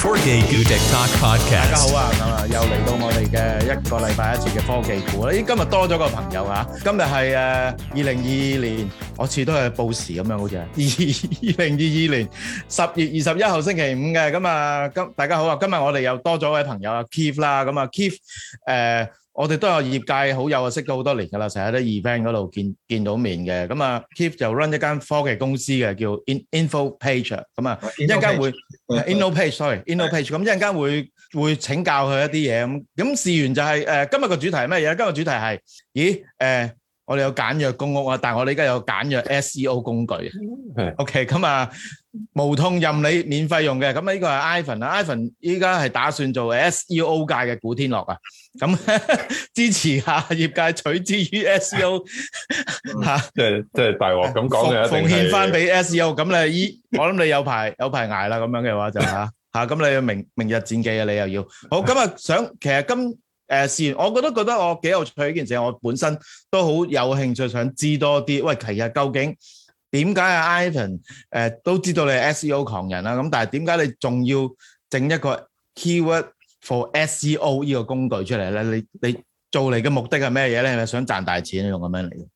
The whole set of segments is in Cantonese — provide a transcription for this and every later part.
科技估，大家好啊，咁啊，又嚟到我哋嘅一個禮拜一次嘅科技估啦。咦，今日多咗個朋友啊！今日係誒二零二二年，我似都係報時咁樣，好似係二二零二二年十月二十一號星期五嘅。咁啊，今大家好啊！今日我哋又多咗位朋友啊，Keith 啦，咁啊，Keith 誒。我哋都有業界好友啊，識咗好多年㗎啦，成日喺啲 event 嗰度見見到面嘅。咁啊，Keith 就 run 一間科技公司嘅，叫 Innopage。咁啊，一陣間會 Innopage，sorry，Innopage。咁一陣間會會請教佢一啲嘢。咁咁試完就係、是、誒、呃，今日個主題係乜嘢？今日個主題係咦誒。呃我哋有簡約公屋啊，但係我哋依家有簡約 SEO 工具啊。OK，咁啊無痛任你免費用嘅。咁啊呢個係 Ivan 啊，Ivan 依家係打算做 SEO 界嘅古天樂啊。咁支持下業界取之於 SEO 嚇，即係即係大鑊咁講嘅。奉獻翻俾 SEO，咁你依我諗你有排有排捱啦。咁樣嘅話就嚇嚇，咁你明明日戰記啊，你又要好。咁啊想其實今。誒、uh, 我覺得覺得我幾有趣呢件事，我本身都好有興趣想知多啲。喂，其實究竟點解啊？Ivan 誒、uh, 都知道你係 SEO 狂人啦，咁但係點解你仲要整一個 Keyword For SEO 呢個工具出嚟咧？你你做嚟嘅目的係咩嘢咧？係咪想賺大錢用咁樣嚟？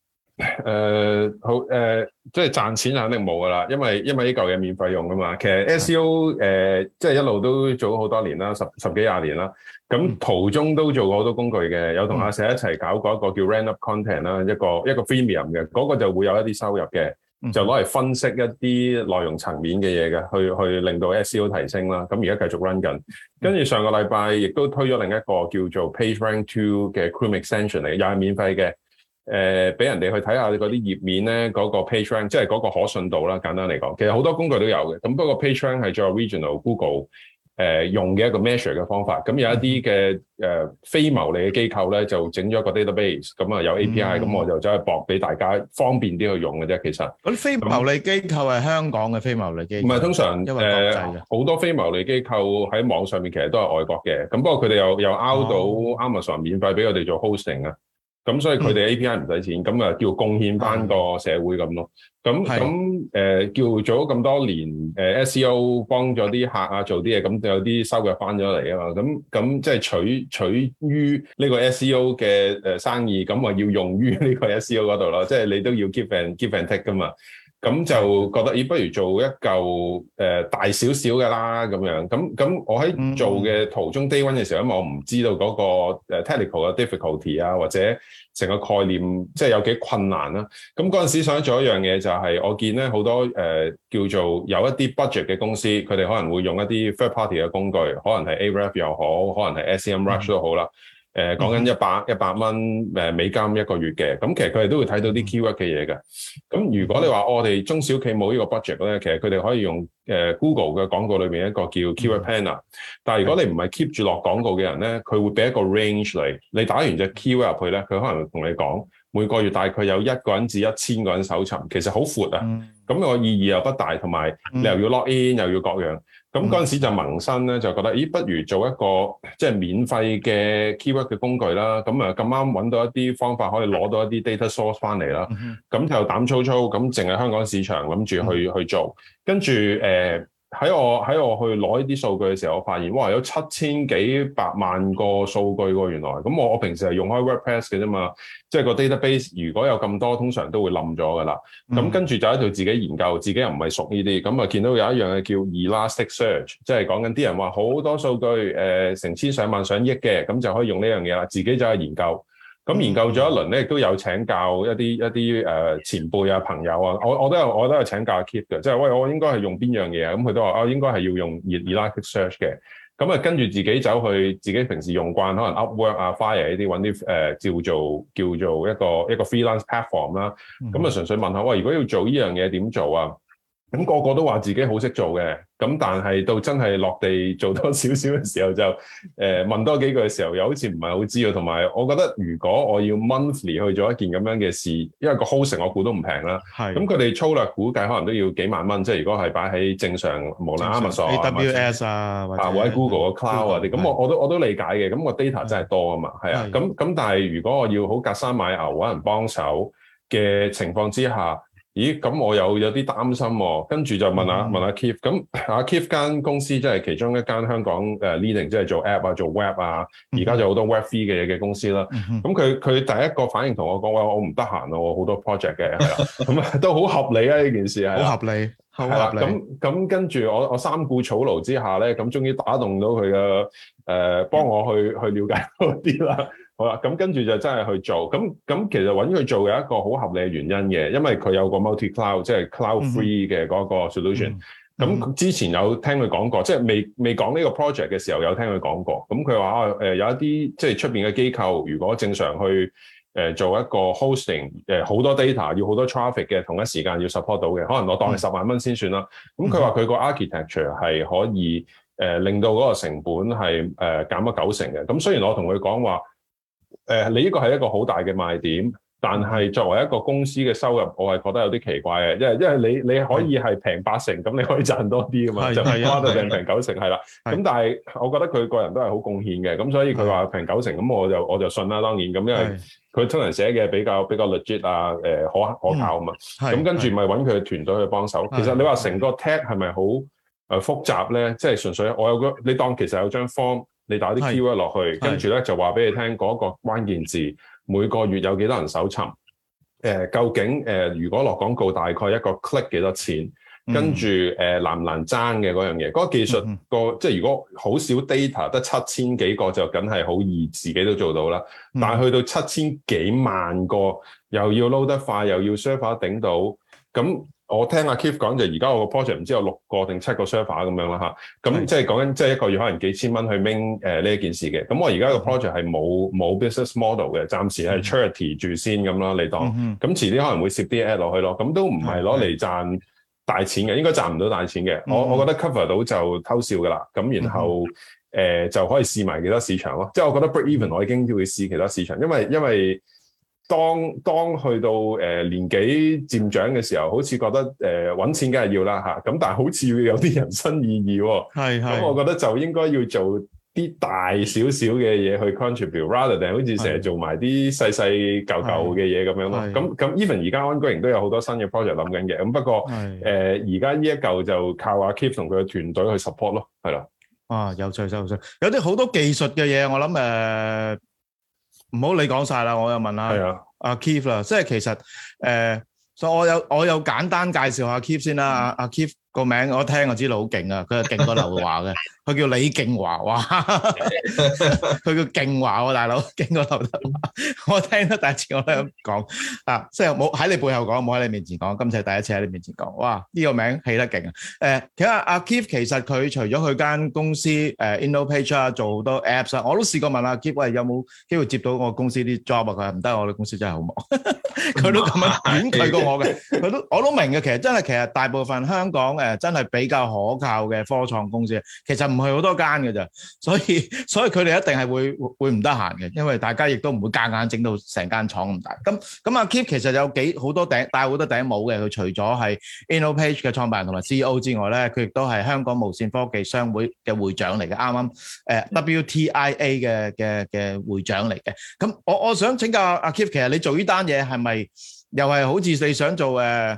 誒，好誒，即係賺錢肯定冇噶啦，因為因為呢嚿嘢免費用噶嘛。其實 SEO 誒的，即係、呃就是、一路都做好好多年啦，十十幾廿年啦。咁途中都做過好多工具嘅，有同阿石、嗯、一齊搞過一個叫 RankUp Content 啦，一個一個 Premium 嘅，嗰、那個就會有一啲收入嘅，嗯、就攞嚟分析一啲內容層面嘅嘢嘅，去去令到 SEO 提升啦。咁而家繼續 run 緊，跟住、嗯、上個禮拜亦都推咗另一個叫做 Page Rank Two 嘅 Chrome Extension 嚟，又係免費嘅。誒，俾、呃、人哋去睇下嗰啲頁面咧，嗰、那個 PageRank 即係嗰個可信度啦。簡單嚟講，其實好多工具都有嘅。咁不過 PageRank 係在 Original Google 誒、呃、用嘅一個 measure 嘅方法。咁有一啲嘅誒非牟利嘅機構咧，就整咗個 database I,、嗯。咁啊有 API，咁我就走去博俾大家方便啲去用嘅啫。其實嗰啲、嗯、非牟利機構係香港嘅非牟利機構，唔係通常誒好、呃、多非牟利機構喺網上面其實都係外國嘅。咁不過佢哋又又 out 到 Amazon 免費俾我哋做 hosting 啊。咁所以佢哋 API 唔使錢，咁啊、嗯、叫貢獻翻個社會咁咯。咁咁誒叫做咗咁多年誒、呃、SEO 幫咗啲客啊做啲嘢，咁就有啲收入翻咗嚟啊嘛。咁咁即係取取於呢個 SEO 嘅誒生意，咁話要用於呢個 SEO 嗰度咯。即、就、係、是、你都要 give and give and take 噶嘛。咁就覺得，咦，不如做一嚿誒、呃、大少少嘅啦，咁樣。咁咁我喺做嘅途中低温嘅時候，因為我唔知道嗰、那個、呃、technical 嘅 difficulty 啊，或者成個概念即係、就是、有幾困難啦、啊。咁嗰陣時想做一樣嘢就係、是，我見咧好多誒、呃、叫做有一啲 budget 嘅公司，佢哋可能會用一啲 third party 嘅工具，可能係 Arap 又好，可能係 SEMrush 都好啦。嗯嗯。誒，講緊一百一百蚊誒美金一個月嘅，咁其實佢哋都會睇到啲 keyword 嘅嘢嘅。咁如果你話我哋中小企冇呢個 budget 咧，其實佢哋可以用誒 Google 嘅廣告裏邊一個叫 Keyword Planner、uh。Huh. 但係如果你唔係 keep 住落廣告嘅人咧，佢會俾一個 range 嚟，你打完隻 keyword 入去咧，佢可能同你講每個月大概有一個人至一千個人搜尋，其實好闊啊。咁、uh huh. 個意義又不大，同埋你又要 lock in，、uh huh. 又要各樣。咁嗰陣時就萌生咧，就覺得，咦，不如做一個即係免費嘅 keyword 嘅工具啦。咁啊，咁啱揾到一啲方法，可以攞到一啲 data source 翻嚟啦。咁、mm hmm. 就膽粗粗，咁淨係香港市場諗住去、mm hmm. 去做，跟住誒。呃喺我喺我去攞呢啲數據嘅時候，我發現哇，有七千幾百萬個數據喎，原來咁我我平時係用開 WordPress 嘅啫嘛，即係個 database 如果有咁多，通常都會冧咗噶啦。咁、嗯、跟住就喺度自己研究，自己又唔係熟呢啲，咁啊見到有一樣嘢叫 Elastic Search，即係講緊啲人話好多數據誒、呃、成千上萬上億嘅，咁就可以用呢樣嘢啦，自己就去研究。咁研究咗一輪咧，亦都有請教一啲一啲誒、呃、前輩啊朋友啊，我我都有我都有請教 Keith 嘅，即係喂我應該係用邊樣嘢啊？咁佢都話啊，應該係要用 Elastic Search 嘅。咁啊跟住自己走去自己平時用慣，可能 Upwork 啊、Fiverr 呢啲揾啲誒叫做叫做一個一個 freelance platform 啦。咁啊純粹問下，喂、呃，如果要做呢樣嘢點做啊？咁個個都話自己好識做嘅，咁但係到真係落地做多少少嘅時候就，誒、呃、問多幾句嘅時候又好似唔係好知啊。同埋我覺得如果我要 monthly 去做一件咁樣嘅事，因為個 hosting 我估都唔平啦，係。咁佢哋粗略估計可能都要幾萬蚊，即係如果係擺喺正常，無論 Amazon AWS 啊，或者 Google 嘅 cloud 啊啲，咁者我是的 我都我都理解嘅。咁、那個 data 真係多啊嘛，係啊。咁咁是的 但係如果我要好隔山買牛揾人幫手嘅情況之下。咦，咁我又有啲擔心、哦，跟住就問下、啊嗯、問阿 Keith，咁阿 Keith 間公司即係其中一間香港誒 leading，即係做 app 啊，做 web 啊，而家、嗯、哼就好多 web three 嘅嘢嘅公司啦。咁佢佢第一個反應同我講話、哎，我唔得閒啊，我好多 project 嘅，係啊，咁啊都好合理啊呢件事係，好、啊、合理，係啊。咁咁跟住我我三顧草廬之下咧，咁終於打動到佢嘅誒，幫我去去瞭解多啲啦。好啦，咁跟住就真係去做，咁咁其實揾佢做有一個好合理嘅原因嘅，因為佢有個 multi cloud，即係 cloud free 嘅嗰個 solution、嗯。咁之前有聽佢講過，即係未未講呢個 project 嘅時候有聽佢講過。咁佢話啊，有一啲即係出邊嘅機構，如果正常去誒、呃、做一個 hosting，誒、呃、好多 data 要好多 traffic 嘅同一時間要 support 到嘅，可能我當係十萬蚊先算啦。咁佢話、嗯、佢個 architecture 係可以誒、呃、令到嗰個成本係誒減咗九成嘅。咁雖然我同佢講話。誒，你呢個係一個好大嘅賣點，但係作為一個公司嘅收入，我係覺得有啲奇怪嘅，因為因為你你可以係平八成，咁你可以賺多啲啊嘛，就多得剩平九成係啦。咁但係我覺得佢個人都係好貢獻嘅，咁所以佢話平九成，咁我就我就信啦。當然，咁因為佢通常寫嘅比較比較 legit 啊，誒可可靠啊嘛。咁跟住咪揾佢團隊去幫手。其實你話成個 tag 係咪好誒複雜咧？即係純粹我有個，你當其實有張 form。你打啲 keyword 落去，跟住咧就話俾你聽嗰一個關鍵字每個月有幾多人搜尋？誒、呃，究竟誒、呃、如果落廣告大概一個 click 幾多錢？跟住誒難唔難爭嘅嗰樣嘢？嗰、那個技術個、嗯、即係如果好少 data 得七千幾個就梗係好易自己都做到啦。嗯、但係去到七千幾萬個，又要撈得快，又要 server 頂到咁。我聽阿 Keith 講就而家我個 project 唔知有六個定七個 server 咁樣啦嚇，咁即係講緊即係一個月可能幾千蚊去 main 誒呢一件事嘅。咁我而家個 project 係冇冇 business model 嘅，暫時係 charity 住先咁啦，你當。咁遲啲可能會攝啲 ad 落去咯，咁都唔係攞嚟賺大錢嘅，應該賺唔到大錢嘅。我我覺得 cover 到就偷笑噶啦，咁然後誒、呃、就可以試埋其他市場咯。即係我覺得 break even 我已經會去試其他市場，因為因為。當當去到誒、呃、年紀漸長嘅時候，好似覺得誒揾、呃、錢梗係要啦嚇，咁、啊、但係好似要有啲人生意義喎、哦。係係咁、嗯，我覺得就應該要做啲大少少嘅嘢去 contribute，rather than，好似成日做埋啲細細嚿嚿嘅嘢咁樣咯。咁咁 even 而家安居營都有好多新嘅 project 諗緊嘅。咁不過誒，而家呢一嚿就靠阿 Keith 同佢嘅團隊去 support 咯，係啦。啊，有趣，真係有趣。有啲好多技術嘅嘢，我諗誒。唔好你講晒啦，我又問下、啊、阿、啊啊、Keith 啦，即係其實誒、呃，所以我有我有簡單介紹下 Keith 先啦，阿阿、嗯啊、Keith 個名我一聽我知道好勁啊，佢係勁過劉華嘅。 佢叫李勁華哇，佢叫勁華喎，大佬勁過劉德華，我聽到第一次我都咁講啊，即係冇喺你背後講，冇喺你面前講，今次係第一次喺你面前講。哇，呢個名起得勁啊！誒，其實阿 Keith 其實佢除咗佢間公司誒，InnoPage 啊，做好多 Apps 啊，我都試過問阿 Keith 喂，有冇機會接到我公司啲 job 啊？佢唔得，我哋公司真係好忙，佢都咁樣婉拒過我嘅，佢都我都明嘅，其實真係其實大部分香港誒，真係比較可靠嘅科創公司，其實。唔係好多間嘅咋，所以所以佢哋一定係會會唔得閒嘅，因為大家亦都唔會夾硬整到成間廠咁大。咁咁阿 Keith 其實有幾好多頂戴好多頂帽嘅，佢除咗係 InnoPage 嘅創辦人同埋 CEO 之外咧，佢亦都係香港無線科技商會嘅會長嚟嘅，啱啱誒 WTIA 嘅嘅嘅會長嚟嘅。咁我我想請教阿 Keith，其實你做呢單嘢係咪又係好似你想做誒？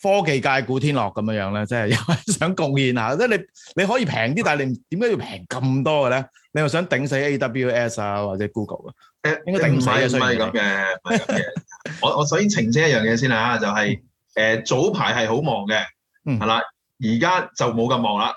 科技界古天樂咁樣樣咧，即係又想貢獻下，即係你你可以平啲，但係你點解要平咁多嘅咧？你又想頂死 AWS 啊，或者 Google 啊？誒，應該頂唔使唔係咁嘅，唔係咁嘅。我我首先澄清一樣嘢先啦，就係誒早排係好忙嘅，嗯，係啦，而家就冇咁忙啦。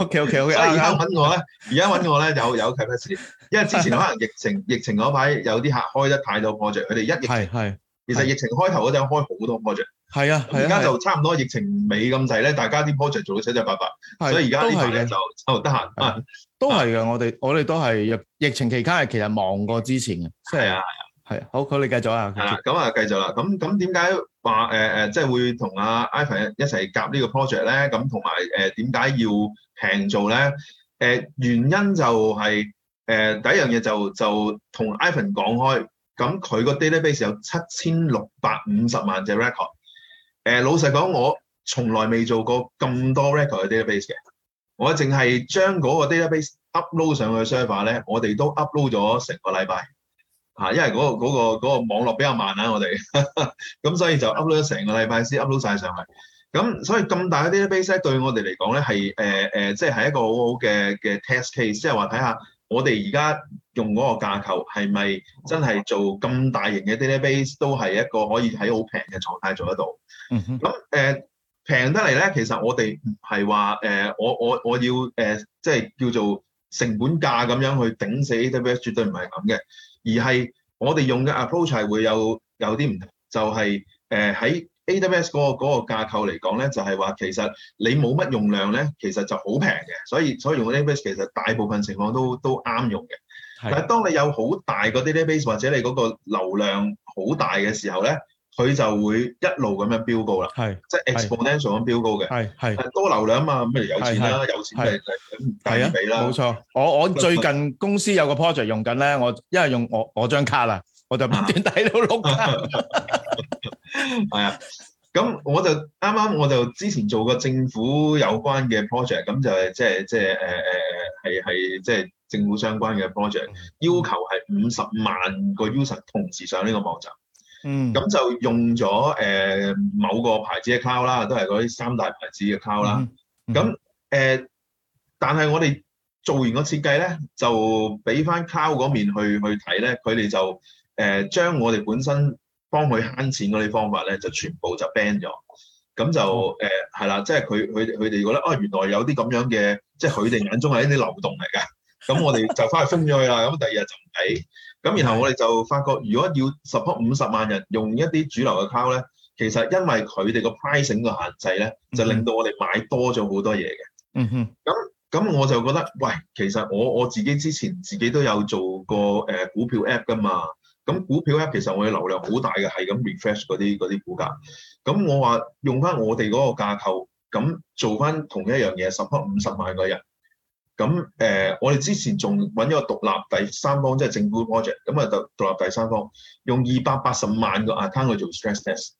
OK OK OK。所以而家揾我咧，而家揾我咧有有契不可少，因為之前可能疫情疫情嗰排有啲客開得太多 project，佢哋一疫情係係，其實疫情開頭嗰陣開好多 project。係啊，而家就差唔多疫情尾咁滯咧，啊啊啊、大家啲 project 做到七七八八，啊、所以而家呢排咧就就得閒啊，都係嘅， 我哋我哋都係疫情期間係其實忙過之前嘅，係啊係啊，係、啊、好，佢哋繼續啊，咁啊繼續啦，咁咁點解話誒誒即係會同阿 Ivan 一齊夾呢個 project 咧？咁同埋誒點解要平做咧？誒、呃、原因就係、是、誒、呃、第一樣嘢就是、就同 Ivan 講開，咁佢個 database 有七千六百五十萬隻 record。誒，老實講，我從來未做過咁多 record 嘅 database 嘅。我淨係將嗰個 database upload 上去嘅 server 咧，我哋都 upload 咗成個禮拜吓，因為嗰個嗰個嗰個網絡比較慢啊。我哋咁 所以就 upload 咗成個禮拜先 upload 晒上去。咁所以咁大嘅 database 咧，對我哋嚟講咧係誒誒，即係係一個好好嘅嘅 test case，即係話睇下我哋而家用嗰個架構係咪真係做咁大型嘅 database 都係一個可以喺好平嘅狀態做得到。咁誒平得嚟咧，其實我哋唔係話誒，我我我要誒，即係叫做成本價咁樣去頂死 AWS，絕對唔係咁嘅，而係我哋用嘅 approach 係會有有啲唔同，就係誒喺 AWS 嗰個嗰個架構嚟講咧，就係話其實你冇乜用量咧，其實就好平嘅，所以所以用 AWS 其實大部分情況都都啱用嘅。的但係當你有好大嗰啲 database 或者你嗰個流量好大嘅時候咧。佢就會一路咁樣飆高啦，係即係 exponential 咁飆高嘅，係係多流量啊嘛，咁咪有錢啦，有錢咪咁抵啲俾啦，冇錯。我我最近公司有個 project 用緊咧，我因為用我我張卡啦，我就唔斷睇到碌卡。係啊，咁我就啱啱我就之前做過政府有關嘅 project，咁就係即係即係誒誒係係即係政府相關嘅 project，要求係五十萬個 user 同時上呢個網站。嗯，咁就用咗誒、呃、某個牌子嘅 cloud 啦，都係嗰啲三大牌子嘅 cloud 啦。咁、嗯、誒、呃，但係我哋做完個設計咧，就俾翻 cloud 嗰面去去睇咧，佢哋就誒、呃、將我哋本身幫佢慳錢嗰啲方法咧，就全部就 ban 咗。咁就誒係啦，即係佢佢佢哋覺得啊、哦，原來有啲咁樣嘅，即係佢哋眼中係一啲漏洞嚟㗎。咁 我哋就翻去封咗佢啦。咁第二日就唔俾。咁然後我哋就發覺，如果要 support 五十萬人用一啲主流嘅 cloud 咧，其實因為佢哋個 pricing 嘅限制咧，mm hmm. 就令到我哋買多咗好多嘢嘅。嗯哼、mm。咁、hmm. 咁我就覺得，喂，其實我我自己之前自己都有做過誒、呃、股票 app 噶嘛。咁股票 app 其實我哋流量好大嘅，係咁 refresh 嗰啲啲股價。咁我話用翻我哋嗰個架構，咁做翻同一樣嘢，support 五十萬個人。咁誒、呃，我哋之前仲揾咗個獨立第三方，即係政府 project，咁啊，就獨立第三方用二百八十萬個 account 去做 stress test，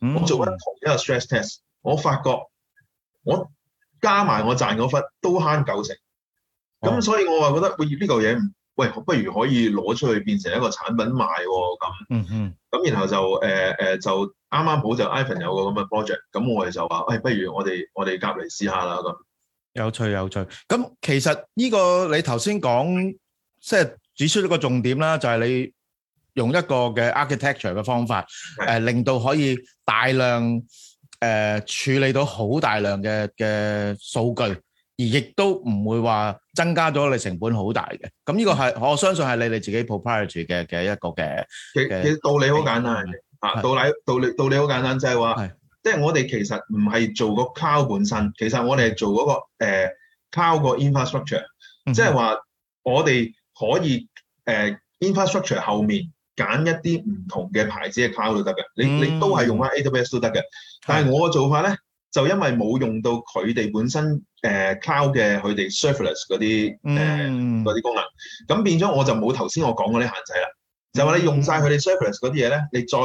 嗯、我做緊同一個 stress test，我發覺我加埋我賺嗰忽都慳九成，咁所以我話覺得，喂呢嚿嘢唔，喂，不如可以攞出去變成一個產品賣喎、哦，咁，咁、嗯嗯、然後就誒誒、呃、就啱啱好就是、Ivan 有個咁嘅 project，咁我哋就話，誒、欸，不如我哋我哋夾嚟試下啦咁。有趣，有趣。咁其實呢個你頭先講，即係指出一個重點啦，就係你用一個嘅 architecture 嘅方法，誒，令到可以大量誒處理到好大量嘅嘅數據，而亦都唔會話增加咗你成本好大嘅。咁呢個係我相信係你哋自己 proprietary 嘅嘅一個嘅。其實道理好簡單，啊，道理道理道理好簡單，即係話。即係我哋其實唔係做個 cloud 本身，其實我哋係做嗰、那個誒、呃、cloud 個 infrastructure，即係話、mm hmm. 我哋可以誒、呃、infrastructure 後面揀一啲唔同嘅牌子嘅 cloud 都得嘅，你你都係用翻 AWS 都得嘅。Mm hmm. 但係我嘅做法咧，mm hmm. 就因為冇用到佢哋本身誒 cloud 嘅佢哋 serverless 嗰啲誒啲功能，咁、呃呃 mm hmm. 變咗我就冇頭先我講嗰啲限制啦。就話你用晒佢哋 serverless 嗰啲嘢咧，你再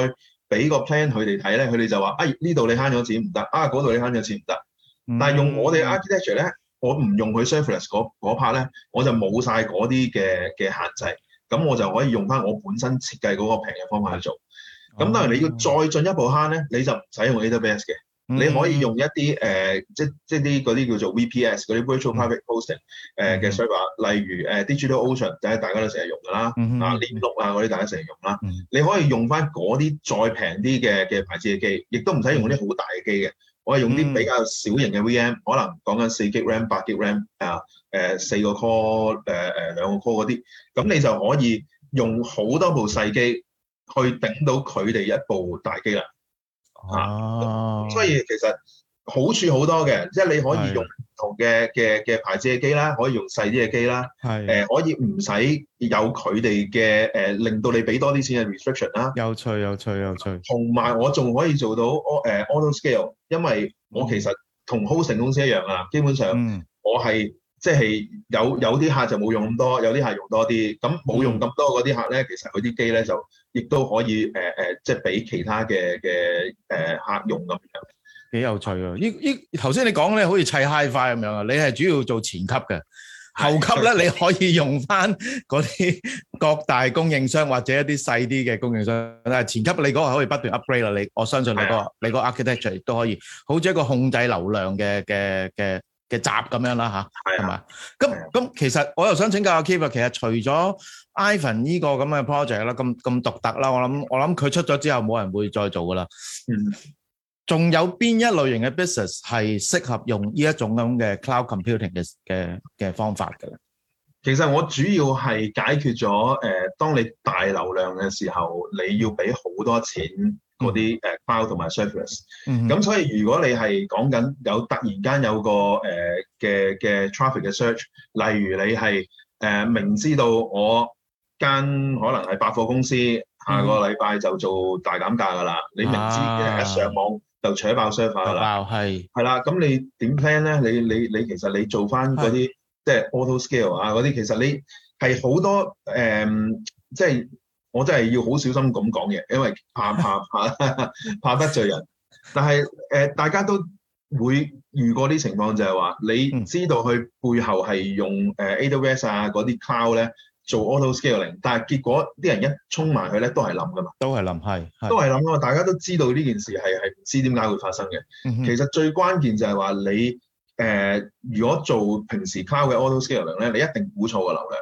俾個 plan 佢哋睇咧，佢哋就話：啊呢度你慳咗錢唔得，啊嗰度你慳咗錢唔得。但係用我哋 architecture 咧，我唔用佢 serverless 嗰 part 咧，我就冇晒嗰啲嘅嘅限制，咁我就可以用翻我本身設計嗰個平嘅方法去做。咁當然你要再進一步慳咧，你就唔使用，用 AWS 嘅。你可以用一啲誒、呃，即即啲嗰啲叫做 VPS 嗰啲 Virtual Private Hosting 誒嘅 server，例如誒、呃、Digital Ocean，即係大家都成日用噶啦，嗯、啊 Linode 啊嗰啲大家成日用啦。嗯、你可以用翻嗰啲再平啲嘅嘅牌子嘅機，亦都唔使用啲好大嘅機嘅。我係用啲比較小型嘅 VM，、嗯、可能講緊四 G RAM, RAM、呃、八 G RAM 啊，誒四個 core、誒誒兩個 core 嗰啲，咁你就可以用好多部細機去頂到佢哋一部大機啦。啊，所以其實好處好多嘅，即係你可以用唔同嘅嘅嘅牌子嘅機啦，可以用細啲嘅機啦，係誒可以唔使有佢哋嘅誒，令到你俾多啲錢嘅 restriction 啦。有趣，有趣，有趣。同埋我仲可以做到我誒 auto scale，因為我其實同 hosting 公司一樣啊，基本上我係即係有有啲客就冇用咁多，有啲客用多啲，咁冇用咁多嗰啲客咧，其實佢啲機咧就，亦都可以誒誒，即係俾其他嘅嘅誒客用咁樣，幾有趣啊！依依頭先你講咧，好似砌 Hi-Fi 咁樣啊！你係主要做前級嘅，後級咧你可以用翻嗰啲各大供應商或者一啲細啲嘅供應商。但係，前級你嗰個可以不斷 upgrade 啦，你我相信你個你個 architecture 亦都可以，好似一個控制流量嘅嘅嘅嘅閘咁樣啦嚇，係嘛？咁咁其實我又想請教阿 Keith 啊，其實除咗 Ivan 呢個咁嘅 project 啦，咁咁獨特啦，我諗我諗佢出咗之後冇人會再做噶啦。嗯，仲有邊一類型嘅 business 係適合用呢一種咁嘅 cloud computing 嘅嘅嘅方法噶咧？其實我主要係解決咗誒、呃，當你大流量嘅時候，你要俾好多錢嗰啲誒 cloud 同埋 service 嗯哼，咁所以如果你係講緊有突然間有個誒嘅、呃、嘅 traffic 嘅、er、search，例如你係誒、呃、明知道我。間可能係百貨公司，下個禮拜就做大減價噶啦。嗯、你明知、啊、一上網就扯爆 server 啦，係係啦，咁你點 plan 咧？你你你，你其實你做翻嗰啲即係 auto scale 啊，嗰啲其實你係好多誒，即、嗯、係、就是、我真係要好小心咁講嘢，因為怕怕怕怕，怕，怕得罪人。 但係誒、呃，大家都會遇過啲情況，就係、是、話你唔知道佢背後係用誒 AWS 啊嗰啲 cloud 咧。做 auto scaling，但係結果啲人一沖埋佢咧都係冧噶嘛，都係冧，係，都係冧啊嘛。大家都知道呢件事係係唔知點解會發生嘅。其實最關鍵就係話你誒，如果做平時卡嘅 auto scaling 咧，你一定估錯個流量，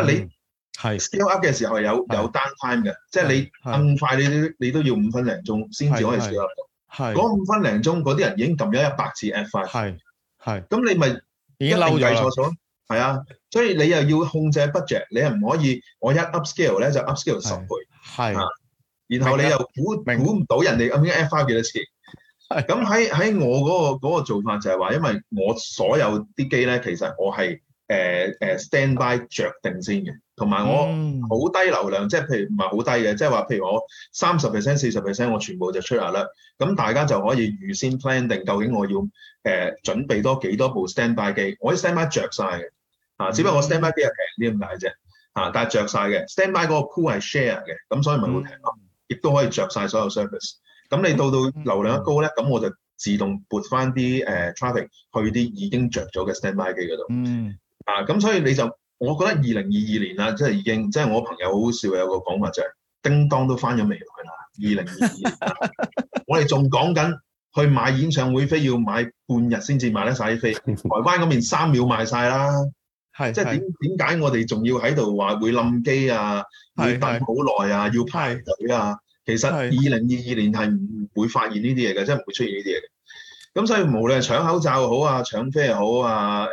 因為你係 scale up 嘅時候係有有 down time 嘅，即係你咁快你都你都要五分零鐘先至可以 scale up。係嗰五分零鐘嗰啲人已經撳咗一百次 F5。係係咁你咪已經漏計咗。係啊，所以你又要控制 budget，你又唔可以我一 upscale 咧就 upscale 十倍，係。然後你又估估唔到人哋 F5 幾多次。咁喺喺我嗰個嗰個做法就係話，因為我所有啲機咧，其實我係誒誒、呃呃、standby 着定先嘅，同埋我好低流量，嗯、即係譬如唔係好低嘅，即係話譬如我三十 percent、四十 percent，我全部就出嚟啦。咁大家就可以預先 plan 定究竟我要誒準備多幾多部 standby 機，我啲 standby 著曬。 啊！只不過我 standby 機又平啲咁解啫，啊！但係着晒嘅 standby 嗰個 pool 係 share 嘅，咁所以咪好平咯，亦、嗯、都可以着晒所有 service。咁你到到流量一高咧，咁我就自動撥翻啲誒、呃、traffic 去啲已經着咗嘅 standby 機嗰度。嗯。啊！咁所以你就，我覺得二零二二年啦，即係已經，即係我朋友好笑有個講法就係、是，叮當都翻咗未來啦。二零二二， 我哋仲講緊去買演唱會飛要買半日先至買得晒啲飛，台灣嗰邊三秒賣晒啦。 係，即係點點解我哋仲要喺度話會冧機啊，要等好耐啊，要排隊啊？其實二零二二年係唔會發現呢啲嘢嘅，即係唔會出現呢啲嘢嘅。咁所以無論係搶口罩又好啊，搶飛又好啊，誒誒誒，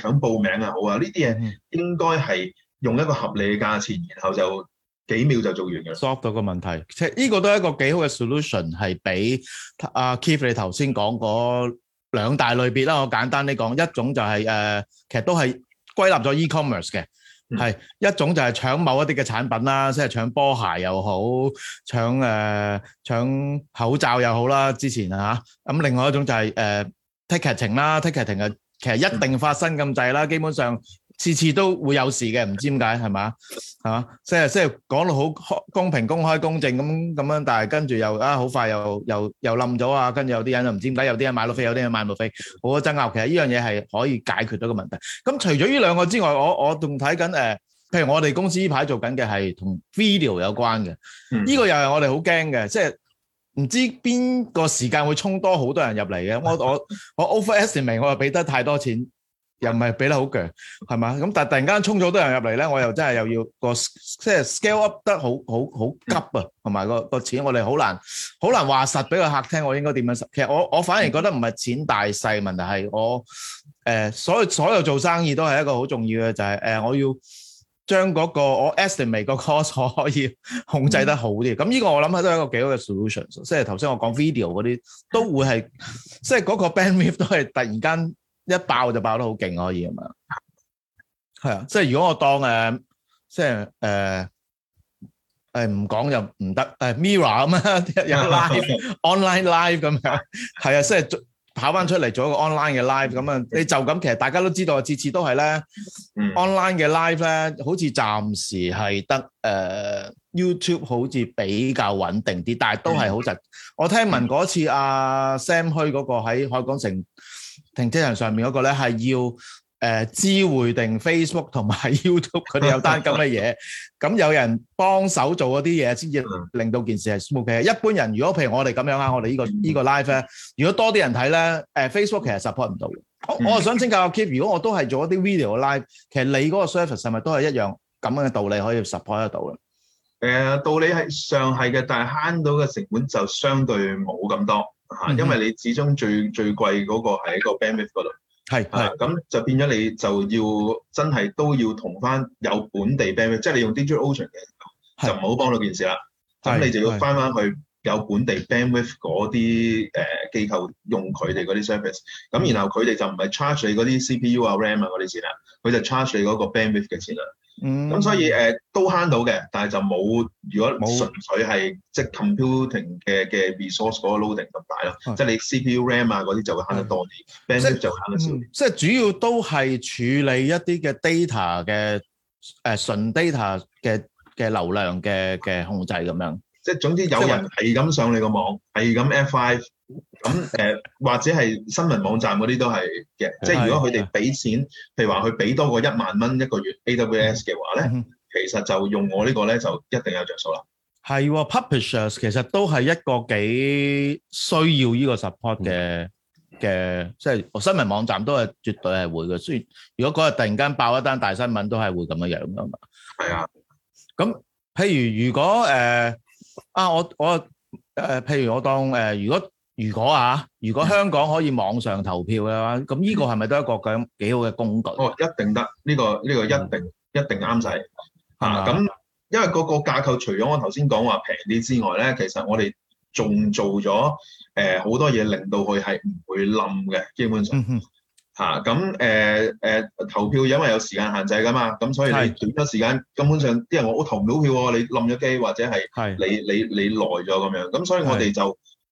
真誒搶報名啊好啊，呢啲嘢應該係用一個合理嘅價錢，然後就幾秒就做完嘅。solve 到個問題，即係呢個都係一個幾好嘅 solution，係比阿 Keith 你頭先講嗰，兩大類別啦，我簡單啲講，一種就係、是、誒、呃，其實都係歸納咗 e-commerce 嘅，係、嗯、一種就係搶某一啲嘅產品啦，即係搶波鞋又好，搶誒、呃、搶口罩又好啦，之前啊吓，咁另外一種就係誒睇劇情啦，take care 睇劇情嘅其實一定發生咁滯啦，基本上。次次都會有事嘅，唔知點解係嘛？係嘛？即係即係講到好公平、公開、公正咁咁樣，但係跟住又啊，好快又又又冧咗啊！跟住有啲人又唔知點解，有啲人買到飛，有啲人買唔到飛，好多爭拗。其實呢樣嘢係可以解決到個問題。咁除咗呢兩個之外，我我仲睇緊誒，譬如我哋公司呢排做緊嘅係同 video 有關嘅，嗯，呢個又係我哋好驚嘅，即係唔知邊個時間會衝多好多人入嚟嘅。我的我我 overestimate 我又俾得太多錢。又唔係俾得好強，係嘛？咁但係突然間衝咗好多人入嚟咧，我又真係又要個即係 scale up 得好好好急啊！同埋個個錢，我哋好難好難話實俾個客聽，我應該點樣？其實我我反而覺得唔係錢大細問題，係我誒所有所有做生意都係一個好重要嘅就係誒，我要將嗰個我 estimate 個 cost 我可以控制得好啲。咁呢個我諗下都係一個幾好嘅 solution。即係頭先我講 video 嗰啲都會係，即係嗰個 bandwidth 都係突然間。一爆就爆得好勁，可以咁嘛？係啊，即係如果我當誒，即係誒誒唔講就唔得誒。MIRROR 咁啊，有 live online live 咁啊，係啊， 即係跑翻出嚟做一個 online 嘅 live 咁啊。你就咁，其實大家都知道，次次都係咧。嗯、online 嘅 live 咧，好似暫時係得誒、呃、YouTube 好似比較穩定啲，但係都係好窒。嗯、我聽聞嗰次阿、啊、Sam 許嗰個喺海港城停車場上面嗰個咧，係要誒，知會定 Facebook 同埋 YouTube 嗰啲有單咁嘅嘢，咁有人幫手做嗰啲嘢先至令到件事係 OK 嘅。一般人如果譬如我哋咁樣啊，我哋呢個呢個 live 咧，如果多啲人睇咧，誒 Facebook 其實 support 唔到。我我係想請教阿 Keith，如果我都係做一啲 video live，其實你嗰個 service 係咪都係一樣咁樣嘅道理可以 support 得到咧？誒道理係上係嘅，但係慳到嘅成本就相對冇咁多。吓，因為你始終最最貴嗰個係喺個 bandwidth 嗰度，係係咁就變咗你就要真係都要同翻有本地 bandwidth，即係你用 DigitalOcean 嘅是就唔好幫到件事啦。咁是你就要翻翻去有本地 bandwidth 嗰啲誒、呃、機構用佢哋嗰啲 service，咁、嗯、然後佢哋就唔係 charge 你嗰啲 CPU 啊 RAM 啊嗰啲錢啦，佢就 charge 你嗰個 bandwidth 嘅錢啦。嗯，咁所以誒、呃、都慳到嘅，但係就冇如果冇純粹係沒即係 computing 嘅嘅 resource 嗰個 loading 咁大咯，即係你 CPU、RAM 啊嗰啲就會慳得多啲 b a n d w i d t 少啲。即係主要都係處理一啲嘅 data 嘅誒純、呃、data 嘅嘅流量嘅嘅控制咁樣，即係總之有人係咁上你個網，係咁 f five。咁誒、呃，或者係新聞網站嗰啲都係嘅，的即係如果佢哋俾錢，的譬如話佢俾多過一萬蚊一個月 AWS 嘅話咧，的其實就用我呢個咧就一定有着數啦。係，publishers 其實都係一個幾需要呢個 support 嘅嘅，即係的、就是、新聞網站都係絕對係會嘅。雖然如果嗰日突然間爆一單大新聞，都係會咁樣樣噶嘛。係啊，咁譬如如果誒、呃、啊我我誒、呃、譬如我當誒、呃、如果。如果啊，如果香港可以網上投票嘅話，咁呢個係咪都係一個咁幾好嘅工具？哦，一定得，呢個呢個一定一定啱晒吓。咁因為個個架構除咗我頭先講話平啲之外咧，其實我哋仲做咗誒好多嘢，令到佢係唔會冧嘅，基本上吓。咁誒誒，投票因為有時間限制噶嘛，咁所以你短咗時間，根本上啲人我我投唔到票喎，你冧咗機或者係你你你耐咗咁樣，咁所以我哋就。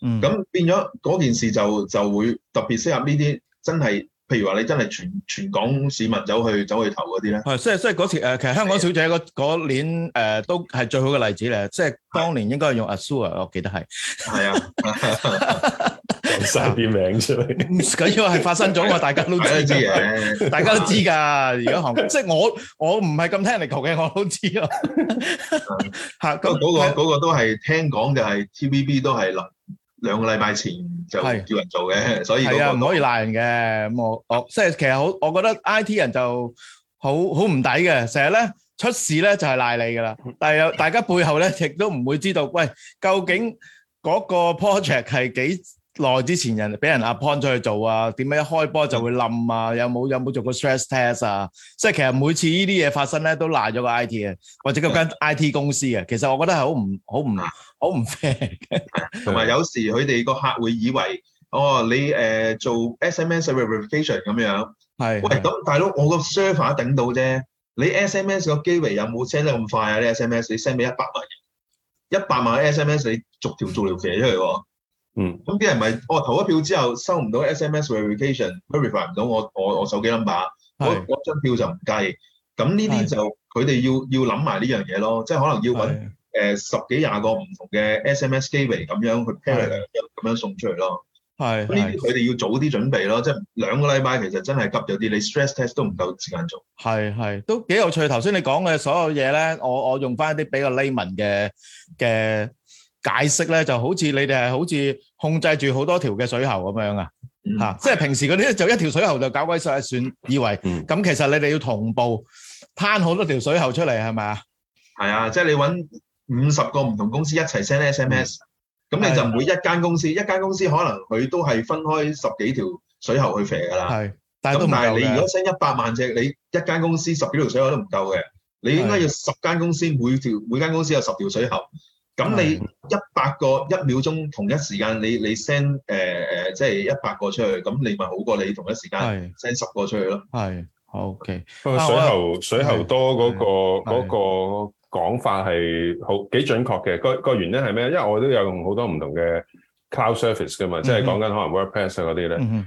嗯，咁變咗嗰件事就就會特別適合呢啲真係，譬如話你真係全全港市民走去走去投嗰啲咧。係，所以所以嗰次誒、其實香港小姐個嗰年誒都係最好嘅例子咧。即係當年應該係用阿蘇啊，我記得係。係啊，講晒啲名出嚟。咁樣係發生咗，大家都知嘅，大家都知噶。而家行，即係我我唔係咁聽人哋講嘅，我都知啊。吓，嗰嗰個嗰個都係聽講嘅，係 TVB 都係啦。兩個禮拜前就係叫人做嘅，所以係啊，唔可以賴人嘅。咁我我即係其實好，我覺得 IT 人就好好唔抵嘅。成日咧出事咧就係賴你噶啦，但係又大家背後咧亦都唔會知道，喂，究竟嗰個 project 係幾？耐之前人俾人 appoint 出去做啊，點解一開波就會冧啊？有冇有冇做過 stress test 啊？即係其實每次呢啲嘢發生咧，都賴咗個 IT 啊，或者個間 IT 公司啊。是的 其實我覺得係好唔好唔好唔 fair，a 同埋有時佢哋個客會以為哦，你誒、呃、做 SMS verification 咁樣係。是的 喂，咁大佬我個 server 頂到啫，你 SMS 個機會有冇 send 得咁快啊？你 SMS 你 send 俾一百萬人，一百萬 SMS 你逐條逐條寫出嚟喎。嗯 嗯，咁啲人咪我投咗票之後收唔到 SMS verification，verify 唔到我我我手機 number，我我張票就唔計。咁呢啲就佢哋要要諗埋呢樣嘢咯，即係可能要揾誒十幾廿個唔同嘅 SMS gateway 咁樣去 parallel 咁樣送出去咯。係，呢啲佢哋要早啲準備咯，即係兩個禮拜其實真係急咗啲，你 stress test 都唔夠時間做。係係，都幾有趣。頭先你講嘅所有嘢咧，我我用翻一啲比較 layman 嘅嘅解釋咧就好似你哋係好似控制住好多條嘅水喉咁樣啊，嚇！即係平時嗰啲就一條水喉就搞鬼曬，算以為咁。其實你哋要同步攤好多條水喉出嚟，係咪啊？係啊，即係你揾五十個唔同公司一齊 send SMS，咁你就每一間公司，一間公司可能佢都係分開十幾條水喉去飛㗎啦。係，但係你如果 send 一百萬隻，你一間公司十幾條水喉都唔夠嘅，你應該要十間公司，每條每間公司有十條水喉。咁你一百個的一秒鐘，同一時間你的你 send 誒誒即係一百個出去，咁你咪好過你同一時間 send 十個出去咯。係，OK 後。不過水喉水喉多嗰個嗰個講法係好幾準確嘅。個個原因係咩？因為我都有用好多唔同嘅 cloud service 噶嘛，的即係講緊可能 WordPress 啊嗰啲咧。嗯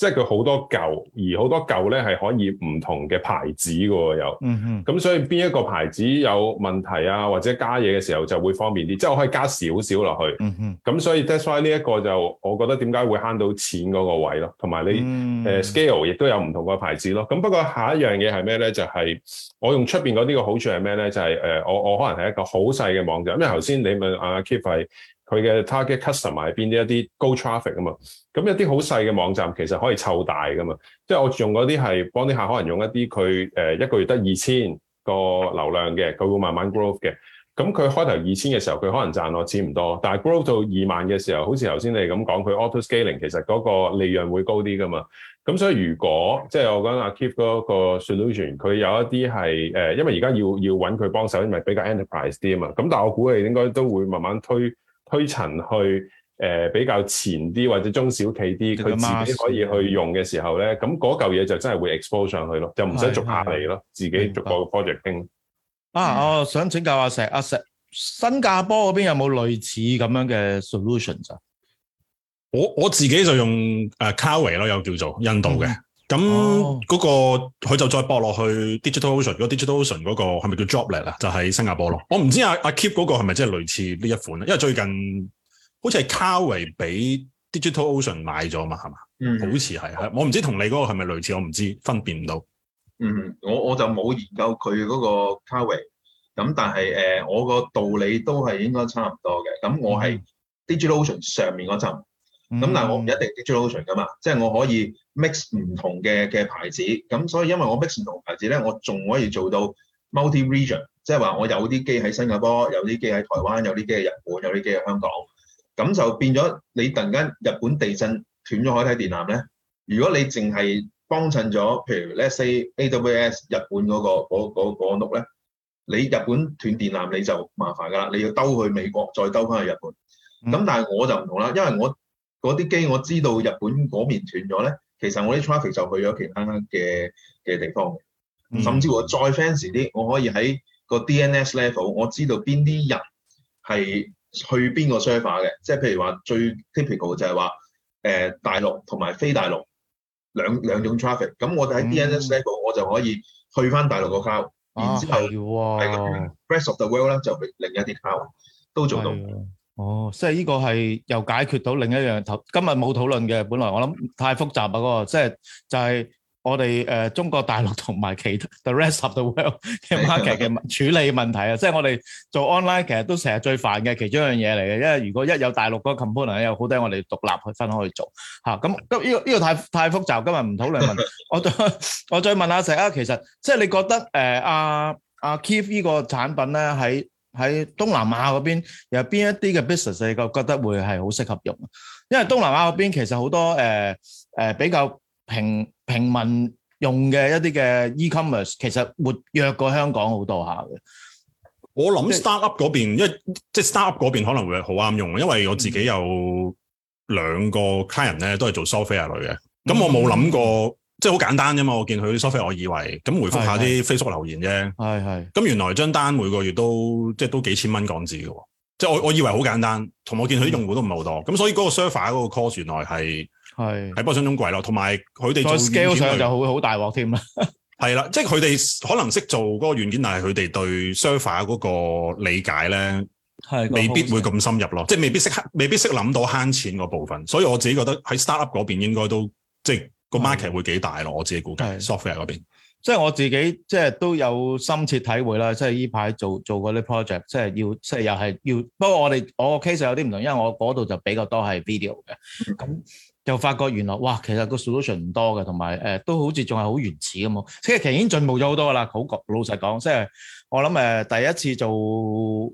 即係佢好多嚿，而好多嚿咧係可以唔同嘅牌子嘅喎，又，嗯嗯哼，咁所以邊一個牌子有問題啊，或者加嘢嘅時候就會方便啲，即係我可以加少少落去，嗯嗯哼，咁所以 that's why 呢一個就我覺得點解會慳到錢嗰個位咯，同埋你誒、嗯 uh, scale 亦都有唔同嘅牌子咯，咁不過下一樣嘢係咩咧？就係、是、我用出面嗰啲嘅好處係咩咧？就係、是、誒、uh, 我我可能係一個好細嘅網站，因為頭先你問阿 Keith。佢嘅 target customer 係邊啲，一啲高 traffic 啊嘛，咁一啲好細嘅網站其實可以湊大噶嘛，即係我用嗰啲係幫啲客，可能用一啲佢誒一個月得二千個流量嘅，佢會慢慢 grow 嘅。咁佢開頭二千嘅時候，佢可能賺落錢唔多，但係 grow 到二萬嘅時候，好似頭先你咁講，佢 auto scaling 其實嗰個利潤會高啲噶嘛。咁所以如果即係我講阿 Keith 嗰個 solution，佢有一啲係誒，因為而家要要揾佢幫手，因為比較 enterprise 啲啊嘛。咁但係我估佢應該都會慢慢推。推陳去誒、呃、比較前啲或者中小企啲，佢自己可以去用嘅時候咧，咁嗰嚿嘢就真係會 export 上去咯，就唔使逐下你咯，的自己逐個 project 傾。嗯、啊，我想請教阿石，阿石新加坡嗰邊有冇類似咁樣嘅 solution 啫？我我自己就用誒 Carry 咯，有叫做印度嘅。嗯咁嗰那、哦那個佢就再駁落去 DigitalOcean，嗰 DigitalOcean 嗰 Digital、那個係咪叫 Droplet 啊？就喺新加坡咯。我唔知阿阿 Keep 嗰個係咪即係類似呢一款咧？因為最近好似係 Kawei 俾 DigitalOcean 買咗嘛，係嘛？嗯，好似係，嗯、我唔知同你嗰個係咪類似，我唔知分辨唔到。嗯，我我就冇研究佢嗰個 Kawei，咁但係誒、呃，我個道理都係應該差唔多嘅。咁我喺 DigitalOcean 上面嗰陣，咁、嗯、但係我唔一定 DigitalOcean 噶嘛，即、就、係、是、我可以，mix 唔同嘅嘅牌子，咁所以因為我 mix 唔同牌子咧，我仲可以做到 multi-region，即係話我有啲機喺新加坡，有啲機喺台灣，有啲機喺日本，有啲機喺香港，咁就變咗你突然間日本地震斷咗海底電纜咧，如果你淨係幫襯咗，譬如 let's say AWS 日本嗰個嗰嗰屋咧，你日本斷電纜你就麻煩㗎啦，你要兜去美國再兜翻去日本，咁但係我就唔同啦，因為我嗰啲機我知道日本嗰面斷咗咧。其實我啲 traffic 就去咗其他嘅嘅地方，甚至我再 fancy 啲，我可以喺個 DNS level，我知道邊啲人係去邊個 server 嘅，即係譬如話最 typical 就係話誒大陸同埋非大陸兩兩種 traffic，咁、嗯、我哋喺 DNS level 我就可以去翻大陸 cloud，嗯那個 c c o u n t 然之後係 rest of the world 咧就另一啲 cloud 都做到。哦，即係呢個係又解決到另一樣頭，今日冇討論嘅。本來我諗太複雜啊，嗰個即係就係我哋誒中國大陸同埋其他 the rest of the world 嘅 market 嘅處理問題啊。即係我哋做 online 其實都成日最煩嘅其中一樣嘢嚟嘅，因為如果一有大陸嗰 component，有好多我哋獨立去分開去做嚇。咁咁呢個呢個太太複雜，今日唔討論。我再我再問下阿 So 啊，其實即係你覺得誒阿阿 Keith 呢個產品咧喺？喺東南亞嗰邊有邊一啲嘅 business 你覺覺得會係好適合用？因為東南亞嗰邊其實好多誒誒、呃呃、比較平平民用嘅一啲嘅 e-commerce 其實活躍過香港好多下嘅。我諗 startup 嗰邊，即因為即係 startup 嗰邊可能會好啱用，因為我自己有兩個 client 咧都係做 software 類嘅，咁我冇諗過、嗯。嗯即係好簡單啫嘛！我見佢啲 s o p h 我以為咁回覆一下啲 Facebook 留言啫。係係。咁原來張單,單每個月都即係都幾千蚊港紙嘅喎。即係我我以為好簡單，同我見佢啲用戶都唔係好多。咁、嗯、所以嗰個 server 嗰個 call 原來係係係比想像中貴咯。同埋佢哋做 scale 上就好好大鑊添啦。係啦， 即係佢哋可能識做嗰個軟件，但係佢哋對 server 嗰個理解咧係的未必會咁深入咯。嗯、即係未必識未必識諗到慳錢個部分。所以我自己覺得喺 startup 嗰邊應該都即係。個 market 會幾大咯？我自己估計 software 嗰的邊，即係我自己即係都有深切體會啦。即係呢排做做嗰啲 project，即係要即係又係要。不過我哋我個 case 有啲唔同，因為我嗰度就比較多係 video 嘅，咁 就發覺原來哇，其實個 solution 唔多嘅，同埋誒都好似仲係好原始咁。即係其實已經進步咗好多啦。好講老實講，即係我諗誒、呃、第一次做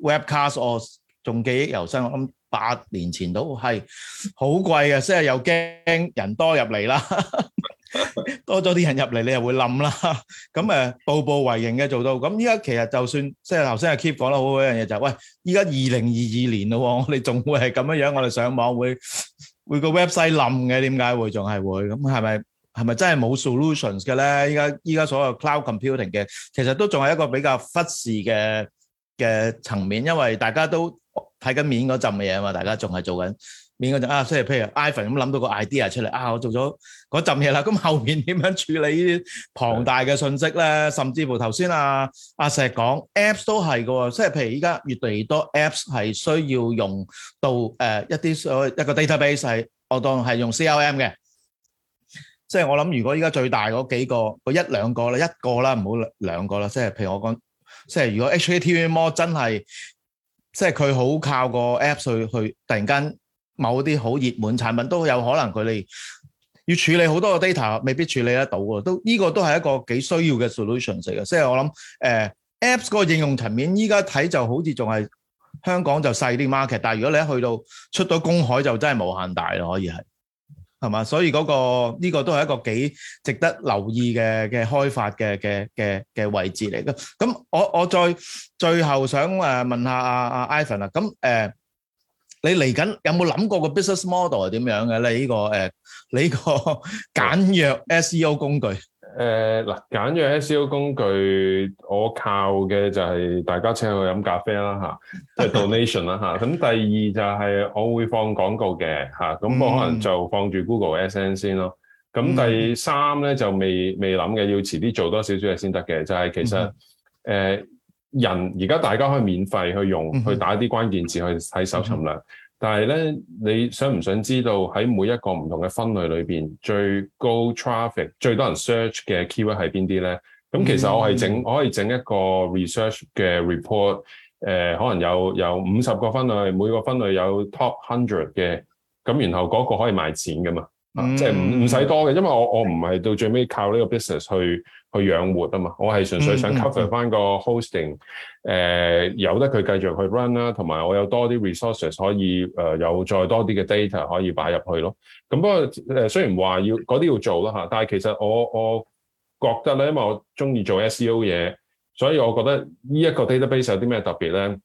webcast，我仲記憶猶新。我諗。八年前都係好貴嘅，即係又驚人多入嚟啦， 多咗啲人入嚟你又會冧啦。咁誒步步為營嘅做到。咁依家其實就算即係頭先阿 Keith 講得好嗰樣嘢就係、是，喂，依家二零二二年嘞，我哋仲會係咁樣樣，我哋上網會會個 website 冧嘅，點解會仲係會？咁係咪係咪真係冇 solutions 嘅咧？依家依家所有 cloud computing 嘅，其實都仲係一個比較忽視嘅嘅層面，因為大家都。睇緊面嗰陣嘅嘢啊嘛，大家仲係做緊面嗰陣啊。即係譬如 Ivan 咁諗到個 idea 出嚟啊，我做咗嗰陣嘢啦。咁後面點樣處理啲龐大嘅信息咧？甚至乎頭先啊，阿石講 Apps 都係㗎喎。即係譬如依家越嚟越多 Apps 係需要用到誒一啲所一個 database，係我當係用 CRM 嘅。即係我諗，如果依家最大嗰幾個嗰一兩個啦，一個啦，唔好兩個啦。即係譬如我講，即係如果 HTML 真係。即係佢好靠個 app 去去，突然間某啲好熱門產品，都有可能佢哋要處理好多個 data，未必處理得到喎。都呢、這個都係一個幾需要嘅 solution 嚟嘅。即係我諗誒，apps 個應用層面依家睇就好似仲係香港就細啲 market，但係如果你一去到出到公海就真係無限大咯，可以係。係嘛？所以嗰個呢個都係一個幾值得留意嘅嘅開發嘅嘅嘅嘅位置嚟㗎。咁我我再最後想誒問下阿阿 Ivan 啊。咁誒，你嚟緊有冇諗過個 business model 係點樣嘅咧？呢個誒你個簡約 SEO 工具。誒嗱，簡約 SEO 工具，我靠嘅就係大家請去飲咖啡啦嚇，即係 donation 啦嚇。咁第二就係我會放廣告嘅嚇，咁我可能就放住 Google S N 先咯。咁、啊、第三咧就未未諗嘅，要遲啲做多少少嘢先得嘅，就係、是、其實誒、 呃、人而家大家可以免費去用 去打啲關鍵字去睇搜尋量。但係咧，你想唔想知道喺每一個唔同嘅分類裏邊最高 traffic 最多人 search 嘅 keyword 係邊啲咧？咁其實我係整，嗯、我可以整一個 research 嘅 report，誒、呃，可能有有五十個分類，每個分類有 top hundred 嘅，咁然後嗰個可以賣錢噶嘛，即係唔唔使多嘅，因為我我唔係到最尾靠呢個 business 去。去養活啊嘛，我係純粹想 cover 翻個 hosting，誒由、嗯嗯嗯嗯呃、得佢繼續去 run 啦，同埋我有多啲 resources 可以誒、呃、有再多啲嘅 data 可以擺入去咯。咁不過誒、呃、雖然話要嗰啲要做啦嚇，但係其實我我覺得咧，因為我中意做 SEO 嘢，所以我覺得呢一個 database 有啲咩特別咧？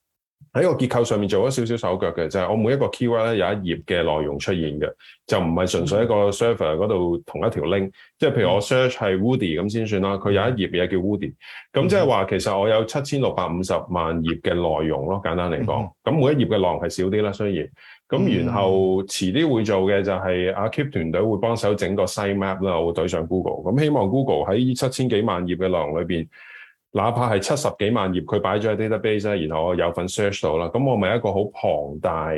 喺個結構上面做咗少少手腳嘅，就係、是、我每一個 keyword 咧有一頁嘅內容出現嘅，就唔係純粹一個 server 嗰度同一條 link，即係譬如我 search 係 Woody 咁先算啦，佢有一頁嘢叫 Woody，咁即係話其實我有七千六百五十萬頁嘅內容咯，簡單嚟講，咁每一頁嘅內容係少啲啦，雖然，咁然後遲啲會做嘅就係阿 Keep 團隊會幫手整個 site map 啦，我會對上 Google，咁希望 Google 喺七千幾萬頁嘅內容裏邊。哪怕係七十幾萬頁，佢擺咗喺 database 啦，然後我有份 search 到啦，咁我咪一個好龐大，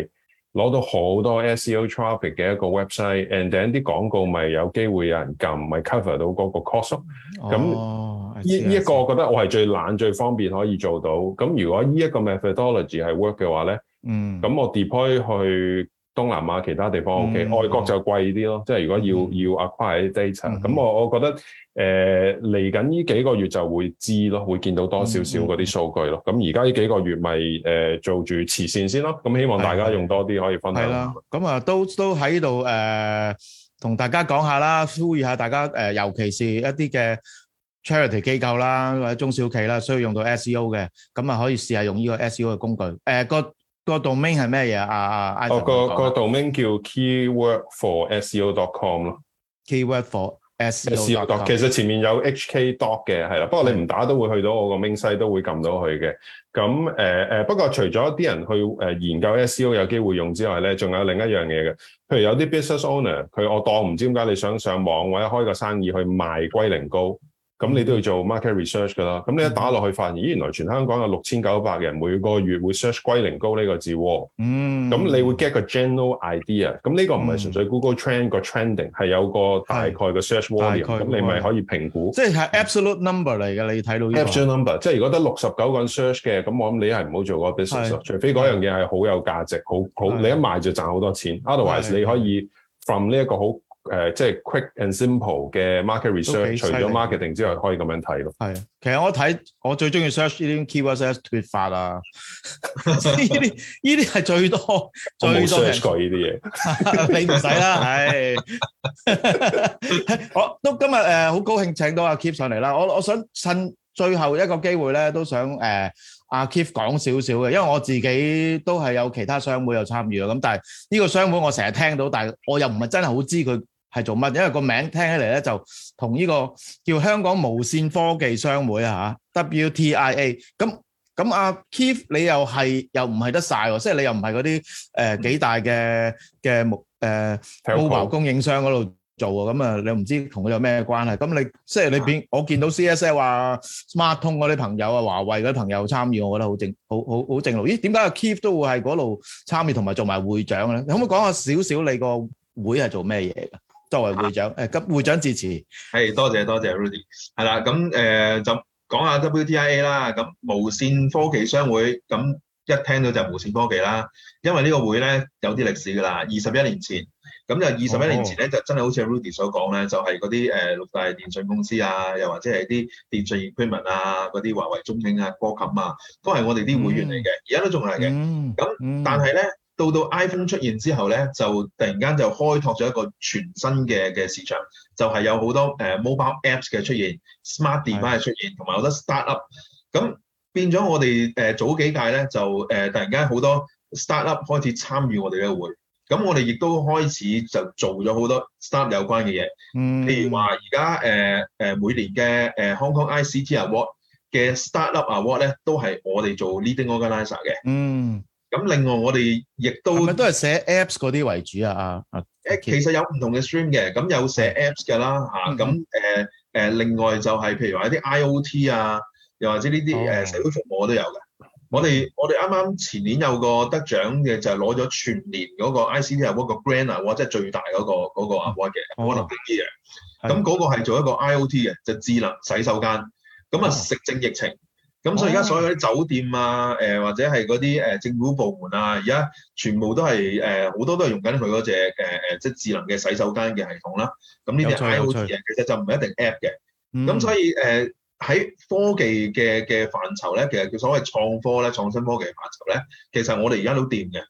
攞到好多 SEO traffic 嘅一個 website，and then 啲廣告咪有機會有人撳，咪、就是、cover 到嗰個 cost。咁呢呢一個我覺得我係最懶、I see. 最方便可以做到。咁如果呢一個 methodology 係 work 嘅話咧，嗯，咁我 deploy 去。東南亞其他地方 O K，嗯、外國就貴啲咯，嗯、即係如果要要 acquire 啲 data，咁我、嗯、我覺得誒嚟緊呢幾個月就會知咯，嗯、會見到多，多少少嗰啲數據咯。咁而家呢幾個月咪誒、呃、做住慈善先咯。咁希望大家用多啲可以分享。係啦，咁啊都都喺度誒同大家講下啦，呼籲下大家誒、呃，尤其是一啲嘅 charity 機構啦或者中小企啦，需要用到 SEO 嘅，咁啊可以試下用呢個 SEO 嘅工具誒、呃呃、個。個 domain 係咩嘢啊？啊，個個 domain 叫 keywordforseo.com 咯。keywordforseo.com 其實前面有 hkdot 嘅係啦，是的 不過你唔打都會去到我個名西都會撳到佢嘅。咁誒誒，不過除咗啲人去誒、呃、研究 SEO 有機會用之外咧，仲有另一樣嘢嘅。譬如有啲 business owner 佢我當唔知點解你想上網或者開個生意去賣龜苓膏。咁你都要做 market research 噶啦。咁你一打落去發現，咦，原來全香港有六千九百人每個月會 search 龜苓膏呢個字，哦。嗯。咁你會 get 個 general idea。咁呢個唔係純粹 Google trend 個 trending，係有個大概嘅 search volume。大概咁你咪可以評估。即係係、就是、absolute number 嚟嘅。你睇到呢、這個、Absolute number，即係如果得六十九個人 search 嘅，咁我諗你係唔好做個 business 是除非嗰樣嘢係好有價值，好好是你一賣就賺好多錢。是 otherwise 你可以 from 呢一個好。誒、呃，即係 quick and simple 嘅 market research，除咗 marketing 之外，可以咁樣睇咯。係啊，其實我睇我最中意 search 呢啲 keywords 脫髮啊，呢啲呢啲係最多 最多嘅。冇 search 過呢啲嘢， 你唔使啦。唉 是的， 我都今日誒好高興請到阿 Keith 上嚟啦。我我想趁最後一個機會咧，都想誒、呃、阿 Keith 講少少嘅，因為我自己都係有其他商會有參與啊。咁但係呢個商會我成日聽到，但係我又唔係真係好知佢。係做乜？因為個名聽起嚟咧，就同呢個叫香港無線科技商會啊嚇，WTIA。咁咁阿 Keith，你又係又唔係得曬喎？即係你又唔係嗰啲誒幾大嘅嘅木誒 OEM 供應商嗰度做啊？咁啊，你唔知同佢有咩關係？咁你即係你變我見到 CSL 啊，Smart 通嗰啲朋友啊，華為嗰啲朋友參與，我覺得好正好好好正路。咦？點解阿 Keith 都會係嗰度參與同埋做埋會長咧？你可唔可以講下少少你個會係做咩嘢㗎？作為會長，誒咁、啊、會長致辭，係多謝多謝 Rudy，係、呃、啦，咁誒就講下 WTIA 啦，咁無線科技商會，咁一聽到就無線科技啦，因為呢個會咧有啲歷史㗎啦，二十一年前，咁就二十一年前咧、哦、就真係好似 Rudy 所講咧，就係嗰啲誒六大電訊公司啊，又或者係啲電訊 equipment 啊，嗰啲華為、中興啊、波琴啊，都係我哋啲會員嚟嘅，而家、嗯、都仲係嘅，咁、嗯嗯、但係咧。到到 iPhone 出現之後咧，就突然間就開拓咗一個全新嘅嘅市場，就係、是、有好多誒 mobile apps 嘅出現，smart 電話嘅出現，同埋好多 start-up，咁變咗我哋誒早幾屆咧，就誒突然間好多 start-up 開始參與我哋嘅會，咁我哋亦都開始就做咗好多 start 有關嘅嘢，嗯、譬如話而家誒誒每年嘅誒 Hong Kong ICT Award 嘅 start-up award 咧，都係我哋做 leading organizer 嘅，嗯。咁另外我哋亦都是是都係寫 Apps 嗰啲為主啊啊誒、okay. 其實有唔同嘅 stream 嘅，咁有寫 Apps 嘅啦嚇，咁誒誒另外就係譬如話啲 IOT 啊，又或者呢啲誒社會服務都有嘅、mm hmm. 我哋我哋啱啱前年有個得獎嘅就係攞咗全年嗰個 ICT Award 個 Grand 啊，哇！即係最大嗰、那個嗰、那個 award 嘅咁嗰個係做一個 IOT 嘅，就智能洗手間。咁啊，食正疫情。Mm hmm. mm hmm. 咁所以而家所有啲酒店啊，誒、呃、或者係嗰啲誒政府部門啊，而家全部都係誒好多都係用緊佢嗰隻誒即係智能嘅洗手間嘅系統啦、啊。咁呢啲 IOT 嘅其實就唔一定 app 嘅。咁所以誒喺、呃、科技嘅嘅範疇咧，其實叫所謂創科咧、創新科技嘅範疇咧，其實我哋而家都掂嘅。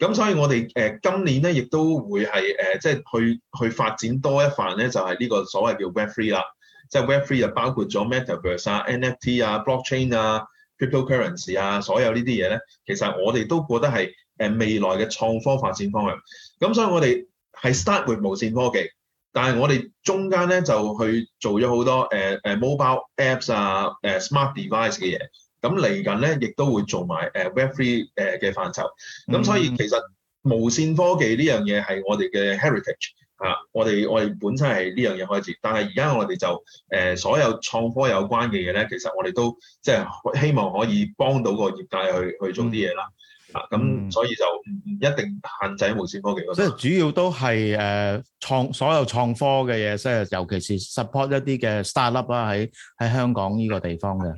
咁所以我哋誒、呃、今年咧亦都會係誒、呃、即係去去發展多一範咧，就係、是、呢個所謂叫 Web Three 啦。即係 Web3 就包括咗 Metaverse 啊、NFT 啊、Blockchain 啊、Cryptocurrency 啊，所有呢啲嘢咧，其實我哋都覺得係誒未來嘅創科發展方向。咁所以我哋係 start with 無線科技，但係我哋中間咧就去做咗好多誒誒、uh, mobile apps 啊、誒 smart device 嘅嘢。咁嚟近嚟緊咧亦都會做埋誒 Web3 誒嘅範疇。咁、uh, 所以其實無線科技呢樣嘢係我哋嘅 heritage。啊！我哋我哋本身係呢樣嘢開始，但係而家我哋就誒、呃、所有創科有關嘅嘢咧，其實我哋都即係希望可以幫到個業界去去做啲嘢啦。啊，咁、嗯啊、所以就唔唔一定限制無線科技嗰。即係主要都係誒、呃、創所有創科嘅嘢，即係尤其是 support 一啲嘅 startup 啦，喺喺香港呢個地方嘅。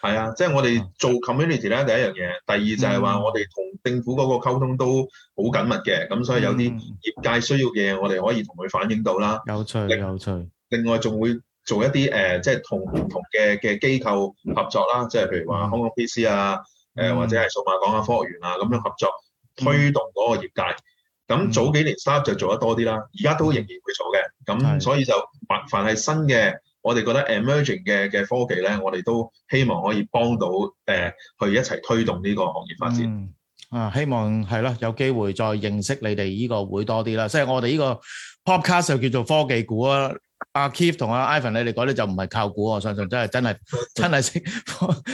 係啊，即係我哋做 community 咧，第一樣嘢，第二就係話我哋同政府嗰個溝通都好緊密嘅，咁、嗯、所以有啲業界需要嘅嘢，我哋可以同佢反映到啦。有趣，另有趣。另外仲會做一啲誒、呃，即係同唔同嘅嘅機構合作啦，即係譬如話香港 PC 啊，誒、嗯呃、或者係數碼港啊、科學園啊咁樣合作，推動嗰個業界。咁、嗯、早幾年 start 就做得多啲啦，而家都仍然會做嘅。咁、嗯、所以就凡凡係新嘅。我哋覺得 emerging 嘅嘅科技咧，我哋都希望可以幫到誒，去一齊推動呢個行業發展。啊，希望係啦，有機會再認識你哋呢個會多啲啦。即係我哋呢個 podcast 就叫做科技估啊。阿 Keith 同阿 Ivan，你哋講咧就唔係靠估啊，我相信真係真係真係識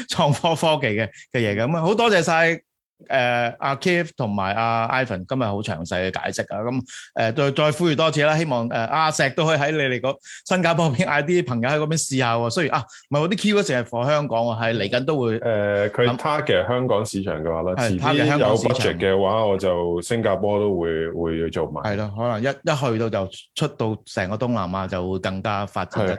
創科科技嘅嘅嘢嘅。咁啊，好多謝曬。誒，阿 Keith 同埋阿 Ivan 今日好詳細嘅解釋啊，咁誒、呃，再再呼籲多次啦，希望誒、呃、阿石都可以喺你哋個新加坡邊嗌啲朋友喺嗰邊試下喎。雖然啊，唔係我啲 Keith 成日放香港啊，係嚟緊都會誒，佢 target 香港市場嘅話咧，其他嘅香港市場嘅話，我就新加坡都會會去做埋。係咯，可能一一去到就出到成個東南亞就會更加發展